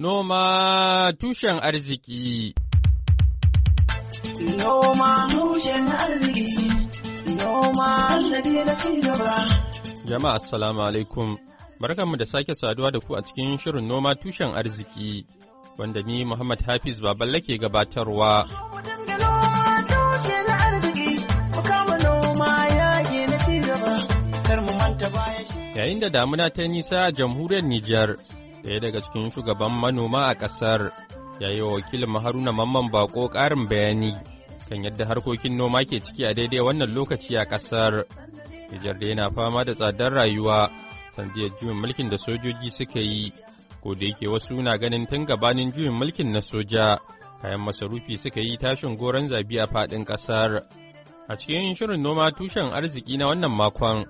Noma tushen arziki Noma Jama'a assalamu alaikum barkanmu da sake saduwa da ku a cikin shirin noma tushen arziki wanda ni Muhammad Hafiz Baballe ke gabatarwa. Yayin da damuna ta nisa a jamhuriyar Nijar ɗaya daga cikin shugaban manoma a ƙasar ya yi wa wakilin haruna mamman bako ƙarin bayani kan yadda harkokin noma ke ciki a daidai wannan lokaci a ƙasar nijar da yana fama da tsadar rayuwa sandiyar juyin mulkin da sojoji suka yi ko da yake wasu na ganin tun gabanin juyin mulkin na soja kayan masarufi suka yi tashin goron zabi a faɗin ƙasar a cikin shirin noma tushen arziki na wannan makon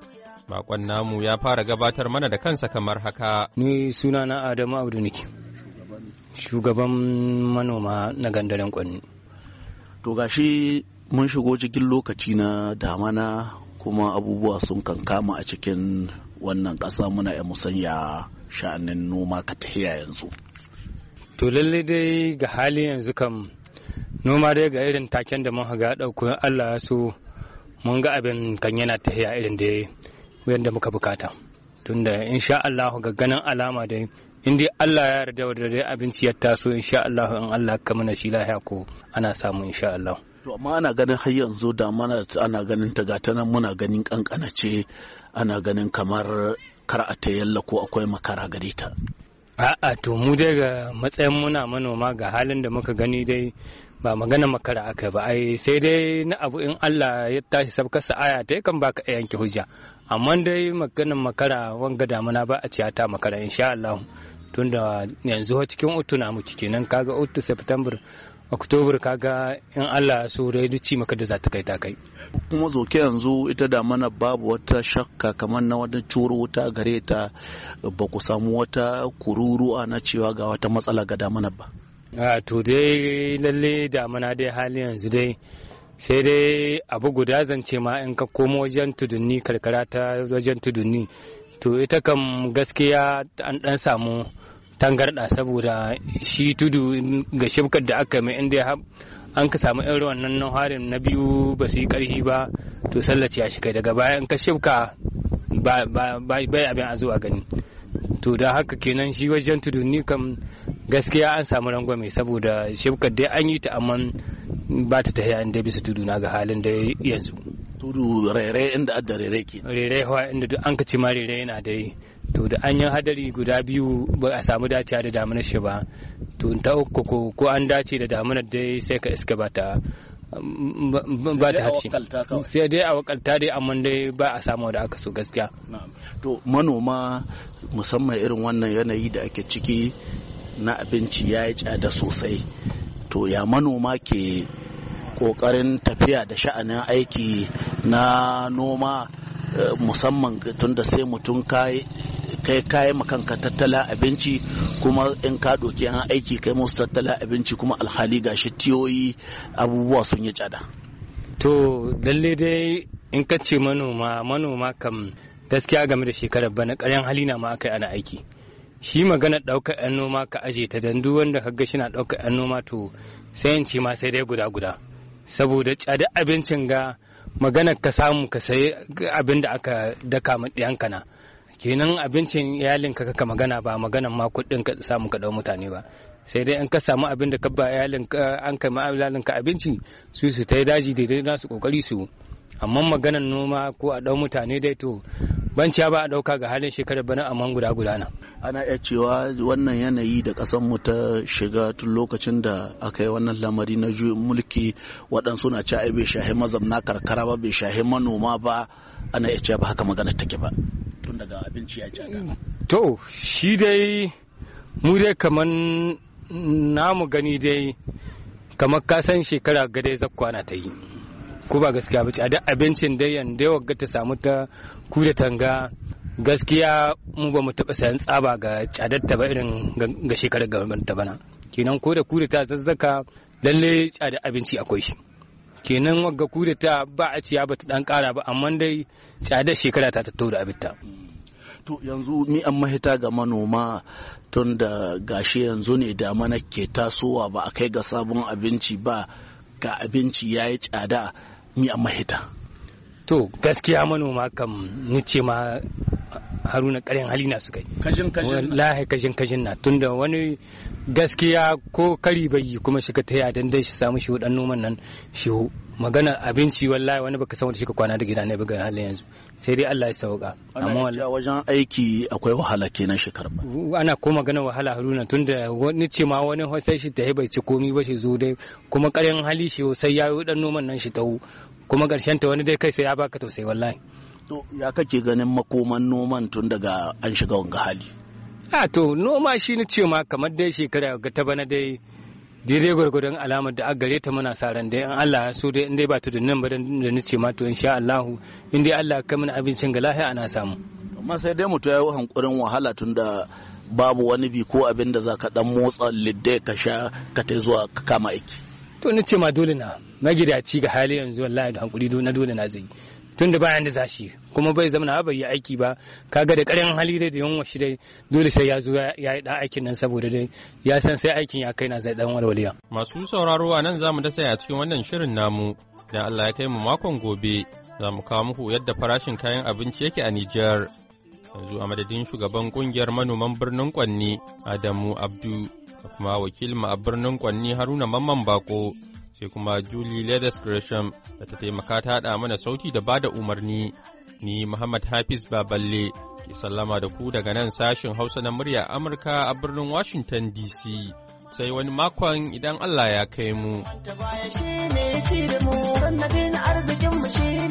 Bakon namu ya fara gabatar mana da kansa kamar haka. Ni suna na Adamu Abdu nake. Shugaban manoma na gandaren kwanni. To gashi mun shigo cikin lokaci na damana kuma abubuwa sun kankama a cikin wannan ƙasa muna ya musanya sha'anin noma ka tahiya yanzu. To lalle dai ga hali yanzu kam noma dai ga irin taken da mun haga ɗauko Allah ya so mun ga abin kan yana tahiya irin da yadda muka bukata tunda sha Allah ganin alama da in Allah ya yarda da dai abinci ya taso sha Allah in Allah ka mana shi lahiya ko ana samu sha Allah to amma ana ganin har yanzu da mana ana ganin ta gata nan muna ganin kankana ce ana ganin kamar kar a ta yalla ko akwai makara gare ta A'a to mu dai ga matsayin muna manoma ga halin da muka gani dai ba magana makara aka ba ai sai dai na abu in Allah ya tashi sabkarsa aya ta kan baka a yanke hujja amma dai magana makara wanga damuna ba a ciya ta makara insha Allah tunda yanzu cikin utu na muke kenan kaga utu September oktobar kaga in allah so da ci maka da za ta kai ta kai kuma zoke yanzu ita da mana babu wata shakka kamar na wata curu wuta gare ta ba ku samu wata kururuwa na cewa ga wata matsala ga damana ba a to dai lalle damana dai hali yanzu dai sai dai abu guda zance ma in ka komo wajen tudunni karkara ta wajen tudunni to ita kam gaskiya an dan samu tangarɗa saboda shi tudu ga shibkar da aka mai inda an ka samu yan ruwan nan harin na biyu ba su yi ƙarfi ba to sallaci ya shiga daga baya in ka shibka ba abin a zuwa gani to da haka kenan shi wajen tudu ni kam gaskiya an samu rangwame saboda shibkar dai an yi ta amma ba ta tafiya inda bisa tudu na ga halin da yanzu tudu rere inda adda rere ke rere hawa inda duk an ka ci ma rere yana da to da an yi hadari guda biyu ba a samu dacewa da damunar shi ba to ta uku ko an dace da damunar dai sai ka iska ba ta ba ta hace sai dai a wakalta dai amma dai ba a samu da aka so gaskiya to manoma musamman irin wannan yanayi da ake ciki na abinci ya yi tsada sosai to ya manoma ke kokarin tafiya da sha'anin aiki na noma eh, musamman tun da sai mutum ka kai ma kanka tattala abinci kuma in ka doki an aiki kai musu tattala abinci kuma alhali gashi tiyoyi abubuwa sun yi tsada to lalle dai in ka ce manoma manoma kam gaskiya game da shekarar bana ƙaryan na ma aka yi ana aiki shi magana ɗaukar 'yan noma ka aje ta dan duk wanda kaga shi na ɗaukar 'yan noma to sai in ce ma sai dai guda guda saboda tsada abincin ga maganar ka samu ka sayi abin da aka daka ma ɗiyanka na kenan abincin iyalin ka kaka magana ba maganan ma kuɗin ka samu ka dau mutane ba sai dai in ka samu abin da ka ba iyalin ka an kai ma iyalin ka abinci su su tai daji daidai nasu kokari su amma maganan noma ko a dau mutane dai to banciya ba a dauka ga halin shekarar bana amma guda guda na ana iya cewa wannan yanayi da kasan mu ta shiga tun lokacin da aka yi wannan lamari na juyin mulki waɗansu na cewa ai bai shahi mazamna karkara ba bai shahi manoma ba ana iya cewa ba haka magana take ba tun daga abinci ya ci to shi dai mu dai na namu gani dai kamar ka san shekara gadai zakwana ta yi ko ba gaskiya ba ci da abincin dai yanda yawa ta samu ta ku da tanga gaskiya mu ba mu taɓa sayan tsaba ga cadar ta ba irin ga shekarar gaban ta bana kenan ko da ku ta zazzaka lalle cada abinci akwai shi kenan wagga kuda ta ba a ciya ba ta dan kara ba amma dai tsada shekara ta tattau da abinta to yanzu ni an mahita ga manoma tun da gashi yanzu ne da mana ke tasowa ba a kai ga sabon abinci ba ga abinci ya yi tsada ni an mahita to gaskiya manoma kam ni ce ma haruna karin hali na su yi kajin kajin wallahi kajin kajin na tunda wani gaskiya ko kari bai yi kuma shi ka taya dan dai shi samu shi dan noman nan shi magana abinci wallahi wani baka san wanda shi ka kwana da gida ne buga halin yanzu sai dai Allah ya sauka amma wajen aiki akwai wahala kenan karba ana ko magana wahala haruna tunda wani ce ma wani sai shi ta bai ci komi ba shi zo dai kuma karin hali shi sai yayo dan noman nan shi tawo kuma karshen ta wani dai kai sai ya baka tausayi wallahi To ya kake ganin makoman noman tun daga an shiga wanga hali? A to noma shi ni ce ma kamar dai shekara ga ta bana dai daidai gwargwadon alamar da gare ta muna sa ran dai in Allah ya so dai in dai ba ta nan ba da ni ce ma to insha Allah in dai Allah ka mana abincin ga lahiya ana samu. Amma sai dai mutum ya yi hankurin wahala tun da babu wani bi ko abin da za ka dan motsa lidde ka sha ka ta zuwa ka kama aiki. To ni ce ma dole na magidaci ga hali yanzu wallahi da hankuri na dole na zai. tunda yanda da zashi kuma bai zama bai yi aiki ba kaga da karin hali dai da yunwa shi dai dole sai ya zo ya yi dan aikin nan saboda dai ya san sai aikin ya kai na zai dan walwaliya masu sauraro a nan zamu dasa a cikin wannan shirin namu dan Allah ya kai mu makon gobe za mu kawo muku yadda farashin kayan abinci yake a Nijar yanzu a madadin shugaban kungiyar manoman birnin Kwanni Adamu Abdu kuma wakilin a birnin Kwanni Haruna Mamman Bako sai kuma Julie Leathers Gresham da ta taimaka ta haɗa mana sauti da bada umarni. Ni Muhammad Hafiz Baballe ke sallama da ku daga nan sashin Hausa na murya Amurka a birnin Washington DC. Sai wani makon idan Allah ya kai mu. arzikin mu